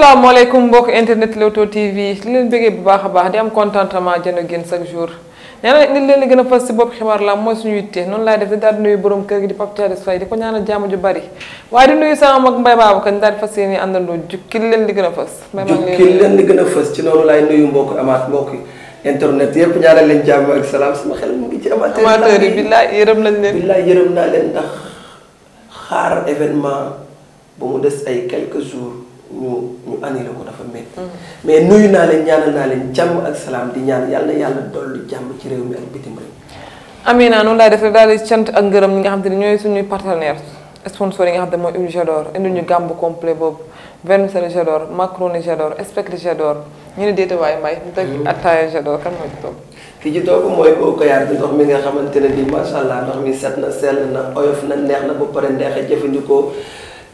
asalaamaaleykum mbokk internet Leewtoo TV li leen bëggee bu baax a baax di am contentement jën ak yéen chaque jour nee na nit leen gën a fas si bopp xibaar la mooy suñu yitte noonu laay def di daal di nuyu borom kër gi di Pape Thialis Faye di ko ñaanal jàmm ju bari waaye di nuyu sama mag Mbaye Babacar ñu daal di fas yéene àndandoo jukkil leen li gën a fas jukkil leen li gën a fas ci noonu laay nuyu mbokk amaat mbokk internet yëpp ñaanal leen jàmm ak salaam sama xel mu leen billaay yërëm naa leen ndax xaar événement ba mu des ay quelques jours ñu ñu annulé ko dafa métti. mais nuyu naa leen ñaanal naa leen jàmm ak salaam di ñaan yàlla yàlla dolli jàmm ci réew mi ak bitim réew. naa noonu laay defee daal di cant ak ngërëm ñi nga xam te ne ñooy suñuy partenaires sponsor yi nga xam ne mooy ñu mm-hmm. gàmbu complet boobu vermicelle Jador macaroni Jador spectre Jador ñu ne déeta waaye mbay ñu teg mm-hmm. attaaya Jador kan mooy ci toog ki ci toog mooy boo ko yaar bi ndox mi nga xamante ne bi macha allah ndox mi set na sell na oyof na neex na ba pare neex a jëfandikoo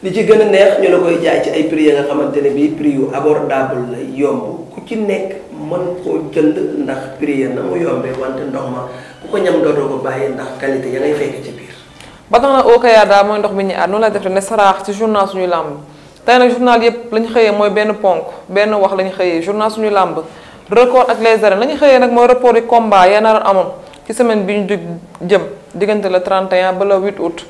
li ci gën a neex ñu la koy jaay ci ay prix ya nga xamante ne bii prix yu abordable la yomb ku ci nekk mën koo jënd ndax prix na mu yombee wante ndox ma ku ko ñam dootoo ko bàyyi ndax qualité ya ngay fekk ci biir. ba tax na Okayada mooy ndox bi ñu aar noonu la def ne saraax ci journal suñu làmb tey nag journal yëpp la ñu xëyee mooy benn ponk benn wax la ñu xëyee journal suñu làmb record ak les arènes la ñu xëyee nag mooy report yi combat yaa naroon amoon ci semaine bi ñu jëm diggante le 31 ba le 8 août.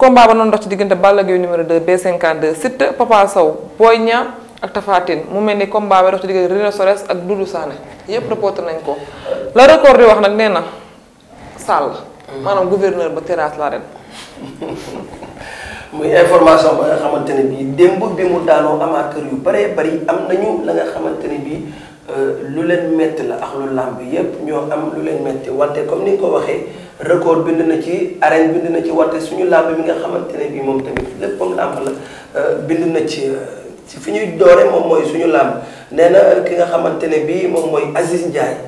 combat ba noonu ndox ci diggante Balla Gaye numéro 2 B52 Siteu Papa Sow Boy Niang ak Tapha mu mel ni combat ba dox ci diggante Rhinocéros ak Doudou Sané yépp reporté nañ ko la record di wax nag nee na Sall maanaam gouverneur ba terrasse la ren muy information ba nga xamante ne bii démb bi mu daanoo amateur yu bëree bëri am nañu la nga xamante ne bii euh, lu leen metti la ak lu làmb yépp ñoo am lu leen metti wante comme ni nga ko waxee record bind na ci arène bind na ci wante suñu làmb bi nga xamante ne bii moom tamit léppam làmb la euh, bind na ci euh, ci fi ñuy doore moom mooy suñu làmb nee na euh, ki nga xamante ne bii moom mooy Aziz Ndiaye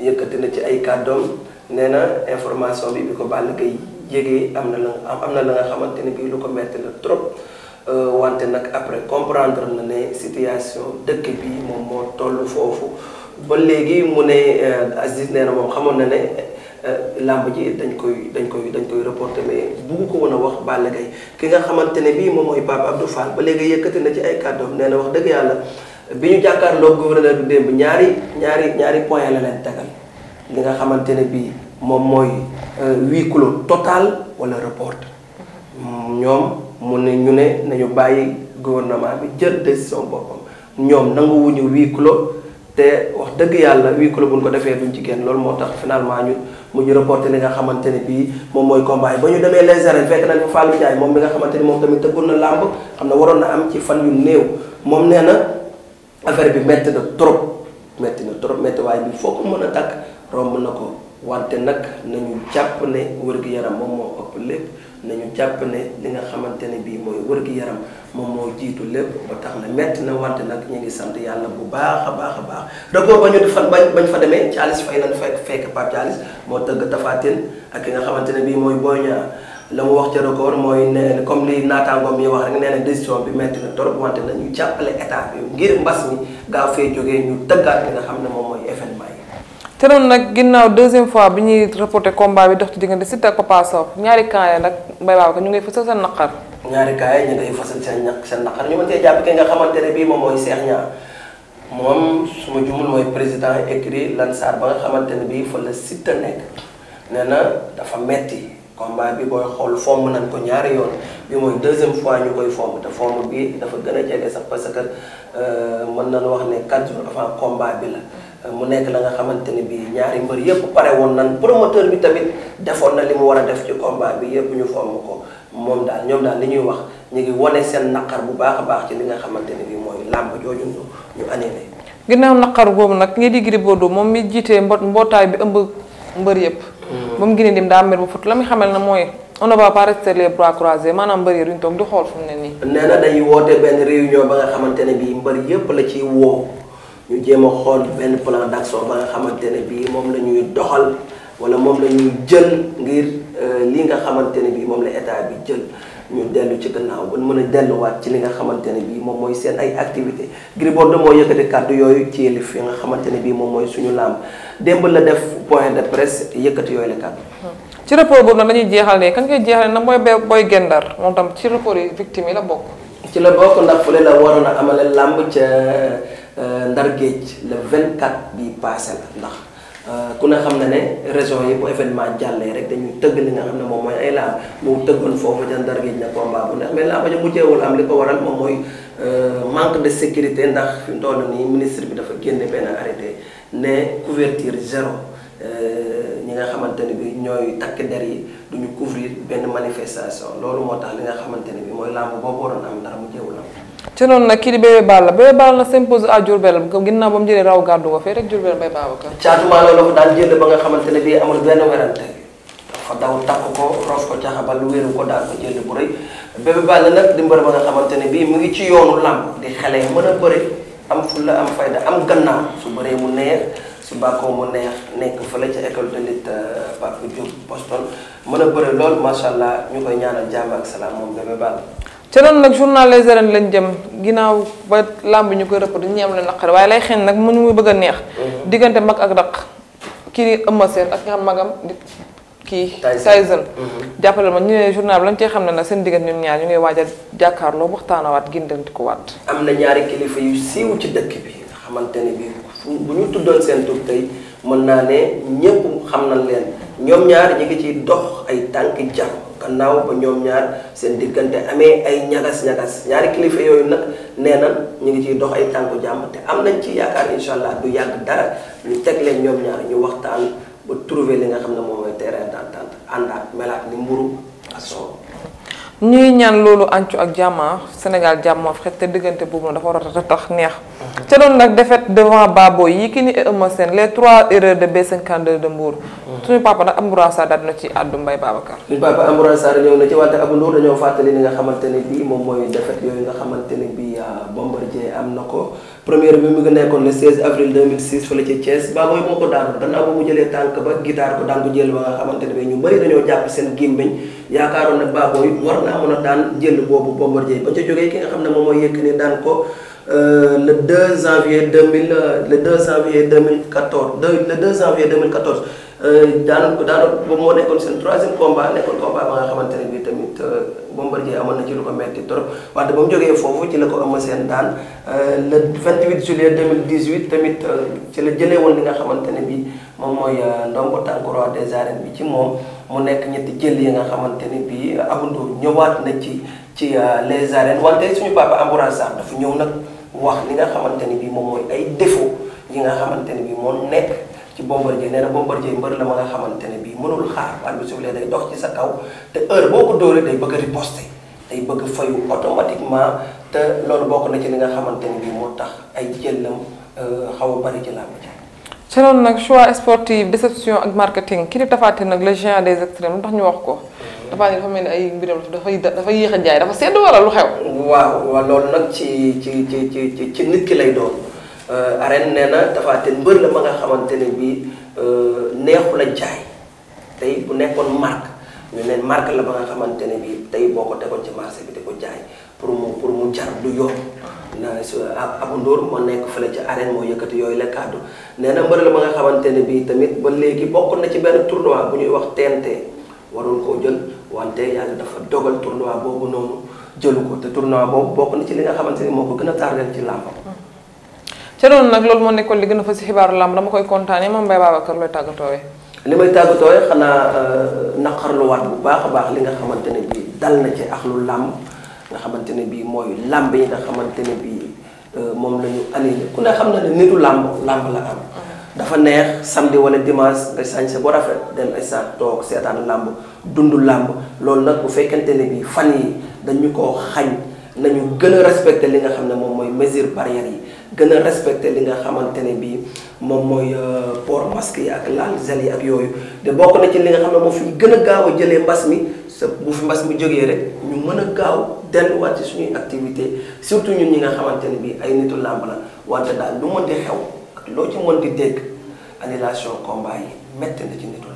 yëkkati na ci ay kàddoom nee na information bi bi ko Balla Gaye jégee am na la am na la nga xamante ne bii lu ko metti la trop wante nag après comprendre na ne situation dëkk bi moom moo toll foofu ba léegi mu ne Aziz nee na moom xamoon na ne Euh, làmb ji dañ koy dañ koy dañ koy reporté mais bugg ko woon a wax Balla Gaye ki nga xamante ne bii moom mooy Pape Abdou Fall ba léegi yëkkati na ci ay kàddoom nee wax dëgg yàlla bi ñu jàkkaarloo gouverneur bi démb ñaari ñaari ñaari point la leen tegal nga xamante ne bii moom mooy euh, huis clos total wala report ñoom mu ne ñu ne nañu bàyyi gouvernement bi jël décision boppam ñoom nanguwuñu huis clos te wax dëgg yàlla huis clos buñ ko defee duñ ci loolu moo tax finalement ñu mu ñu reporté li nga xamante ni bii moom mooy combat ba ñu demee les arènes fekk nañ fa Fallou Ndiaye moom mi nga xamante ni moom tamit tëggoon na làmb xam ne waroon na am ci fan yu néew moom nee na affaire bi métti na trop métti na trop métti waaye bi foo ko mën a takk romb na ko wante nag nañu jàpp ne wér-gu-yaram moom moo ëpp lépp nañu jàpp ne li nga xamante ne bii mooy wér-gu-yaram moom moo jiitu lépp ba tax na métti na wante nag ñu ngi sant yàlla bu baax a baax a baax rekoo ba ñu di fan bañ bañ fa demee Thialis fay lan fekk fekk Pape Thialis moo tëgg Tapha Tine ak ki nga xamante ne bii mooy Boy la mu wax ci record mooy ne comme li naataangoom yi wax rek nee na décision bi metti na trop wante nañu jàppale état bi ngir mbas mi gaaw fee jógee ñu xam ne moom mooy te noonu nag ginnaaw deuxième fois bi ñuy reporté combat bi dox ci diggante Siteu ak Papa Sow ñaari camp ya nag Mbaye Babacar ñu ngay fësal seen naqar ñaari camp yi ñu ngay fësal seen naqar ñu mën cee jàpp ki nga ne bii moom mooy Cheikh Niang moom su ma jumul mooy président écrit Lansar ba nga xamante ne bii fa la Siteu nekk nee na dafa metti combat bi booy xool fomm nañ ko ñaari yoon bi mooy deuxième fois ñu koy fomm te fomm bi dafa gën a jege sax parce que euh, mën nañu wax ne quatre jours avant bi la mu nekk la nga xamante ni bi ñaari mbër yëpp pare woon nan promoteur bi tamit defoon na li mu war a def ci combat bi yëpp ñu fomm ko moom daal ñoom daal li ñuy wax ñu ngi wone seen naqar bu baax a baax ci li nga xamante ni bi mooy làmb jooju ñu ñu annulé ginnaaw naqar boobu nag nga di Gris Bordeaux moom mi jiitee mbo mbootaay bi ëmb mbër yëpp ba hmm. mu génnee dim daa la muy xamal na mooy on ne va pas maanaam mbër yi di xool fu mu ne nii nee na day woote benn réunion ba nga xamante ne bi mbër yëpp la ci woo ñu jéem a xool benn plan d'action ba nga xamante ne bii moom la ñuy doxal wala moom la ñuy jël ngir euh, li nga xamante ne bii moom la état bi jël ñu dellu ci gannaaw ba mën a delluwaat ci li nga xamante ne bii moom mooy seen ay activité Gris Bordeaux moo yëkkati kàddu yooyu ci yëlif yi ne bii moom mooy suñu la def point de presse yëkkati yooyu la kàddu. ci rapport boobu nag dañuy jeexal ne kan ngay jeexal ne nag mooy booy gendar moom tam ci rapport yi victime la bokk. ndax fële la waroon a amale làmb ca. Euh, Ndar Géej le 24 bi passé la ndax euh, ku ne xam ne ne région yi bu événement jàllee rek dañuy tëgg li nga xam ne moom mooy ay laam mu tëggoon foofu ja Ndar Géej na combat bu neex mais laama ja mujjeewul am li ko waral moom mooy euh, manque de sécurité ndax fi mu toll ministre bi dafa génne benn arrêté ne couverture zéro ñi nga xamante ne bi ñooy takk der yi du ñu couvrir benn manifestation loolu moo tax li nga xamante ne bi mooy làmb boobu waroon am di Bébé ba mu jëlee raw gàddu ko fee rek Diourbel bay Babacar. caatuma loolu ko ne bii amul benn werante ko rof ko caxabal wéeru ko daan ko jël bu rëy Bébé Balla nag di ne bii mu ngi ci yoonu làmb di xale mën a bëre am fulla am fayda am gannaaw su bëree mu neex. su bàkkoo mu neex nekk fële ca école de lutte euh, Papa Diop Boston mën a bëre lool macha allah ñu koy ñaanal jàmm ak moom Bébé Balla. ca noonu nag journal Les Arènes lañ jëm ginnaaw ba làmb ñu koy rëpp dañuy am la naqar waaye lay xeeñ nag mënu muy bëgg a neex. Mm-hmm. diggante mag ak daq kii di Eumeu Sène ak nga xam magam di kii. Tyson mm-hmm. jàppale ma ñu ne journal bi lañ cee xam ne nag seen diggante ñoom ñaar ñu ngay waaj a jàkkaarloo waxtaanawaat waat am na ñaari kilifa yu siiw ci dëkk bi xamante ne bii bu ñu tuddoon seen tur tey mën naa ne ñépp xam nañ leen ñoom ñaar ñi ngi ci dox ay tànk jar gannaaw ba ñoom ñaar seen diggante amee ay ñagas-ñagas ñaari kilifa yooyu nag nee na ñu ngi ciy dox ay tànku jàmm te am nañ ci yaakaar incha allah du yàgg dara ñu teg leen ñoom ñaar ñu waxtaan ba trouver li nga xam ne moom mooy terrain d'entente ànd ak melaat ni mburu ak soow ñuy ñaan loolu ancu ak jàmma Sénégal jàmma xet te diggante boobu dafa war a tax neex. ca doon nag défaite devant Baboy Yékini et Eumeu Sène les trois erreurs de B52 de Mbour. suñu papa nag Amoura Sarr daal na ci àddu Mbaye Babacar. suñu papa Amoura Sarr ñëw na ci wante Abou Ndour dañoo fàttali li nga xamante ne bii moom mooy défaite yooyu nga xamante ne bii euh, Bombardier am na ko. première bi mu ngi nekkoon le 16 avril 2006 fële ca Thiès Baboy moo ko daan gannaaw ba mu jëlee tànk ba guitare ko daan ko jël ba nga xamante ne ñu bëri dañoo jàpp seen gémmiñ yaakaaroon ne Baboy war naa mën a daan jël boobu Bombardier ba ca jógee ki nga xam ne moom mooy Yékini daan ko euh, le 2 janvier 2000 le 2 janvier 2014 le 2 janvier 2014. daanaka euh, daanaka boobu moo nekkoon seen troisième combat nekkoon combat ba nga xamante ne bii tamit euh, Bombardier amoon na ci lu ko metti trop wante ba mu jógee foofu ci la ko am seen daan euh, le 28 juillet 2018 tamit ci la jëlee woon li nga xamante ne bii moom mooy ndombo tànk roi des arènes bi ci moom mu nekk ñetti jël yi nga xamante ne bii Abou Ndour ñëwaat na ci ci les arènes wante suñu papa Ambroise Sarr ñëw nag wax li nga xamante ne bii moom mooy ay défaut yi nga xamante ne bii moo nekk. ci Bombardier nee na Bombardier mbër la ma nga xamante ne bii mënul xaar bal bi suuflee day dox ci sa kaw te heure boo ko dóoree day bëgg a riposte day bëgg fayu automatiquement te loolu bokk na ci li nga xamante ne bii moo tax ay jëllam euh, xaw a bari ci làmb ji ci nag choix sportif déception ak marketing ki di tafaati nag le géant des extrêmes lu tax ñu wax ko tafaati dafa mel ni ay mbiram dafay dafa yéex a jaay dafa sedd wala lu xew waaw waaw loolu nag ci ci ci ci ci nit ki lay doon Euh, arène nee na Tapha Tine mbër la ma nga xamante ne bii euh, neexu la jaay tey bu nekkoon marque ñu ne marque la ba nga xamante ne bii tey boo ko tegoon ci marché bi ko jaay pour mu pour mu jar du yomb. na su Abou Ndour moo nekk fële ci arène moo yooyu la kàddu nee na mbër la ma nga xamante ne tamit ba léegi bokk na ci benn tournoi bu ñuy wax TNT waroon koo jël wante yàlla dafa dogal tournoi boobu noonu jëlu ko te tournoi boobu bokk na ci li nga xamante ni moo ko gën a tardel ci làmbam ca noonu nag loolu moo nekkoon li gën a fa si xibaaru làmb dama koy kontaanee moom Mbaye Babacar looy tàggatoowe li may tàggatoowe xanaa euh, naqarluwaat bu baax a baax li nga xamante ne bii dal na ci axlu làmb nga xamante ne bii mooy làmb yi nga xamante ne bii euh, moom lañu ñu ku ne xam na ne nitu làmb làmb la am dafa neex samedi wala dimanche nga sañse bu rafet dem stade toog seetaan làmb dund làmb loolu nag bu fekkente ne bii fan yi dañu ko xañ nañu gën a respecté li nga xam ne moom mooy mesure barrière yi gën a respecté li nga xamante ne bii moom mooy euh, port masque yi ak laal zel yi ak yooyu te bokk na ci li nga xam ne moo fi gën a gaaw a jëlee mbas mi sa bu fi mbas mi jógee rek ñu mën a gaaw delluwaat ci suñuy activité surtout ñun ñi nga xamante ne bii ay nitu làmb la wante daal lu mën di xew ak loo ci mën di dégg annulation combat yi métti na ci nitu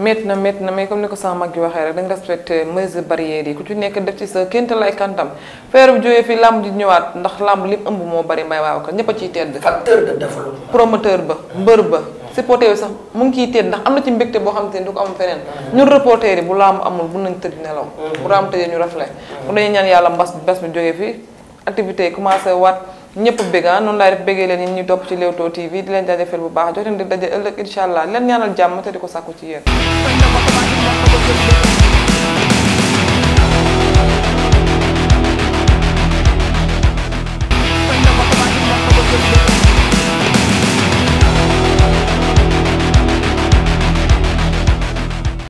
métti na métti na mais comme ni ko sama mag yi waxee rek dañ respecté mesures barrières yi ku ci nekk def ci sa kénta lay kantam feeru bi jógee fii làmb ji ñëwaat ndax làmb li ëmb moo bari mbay waaw ko ñëpp a ciy tedd promoteur ba mbër ba supporter bi sax mu ngi ciy tedd ndax am na ci mbégte boo xam te ni du ko am feneen mm-hmm. ñun reporter yi bu làmb amul bu nañ tëdd nelaw bu mm-hmm. làmb tëjee ñu rafle bu mm-hmm. dañuy ñaan yàlla mbas bes bi jógee fii activité yi ñëpp béga ah. noonu laay def béggee leen ñi ñu topp ci Leewtoo TV di leen jaajëfal bu baax jox leen di daje ëllëg incha allah leen ñaanal jàmm te di ko sàkku ci yéen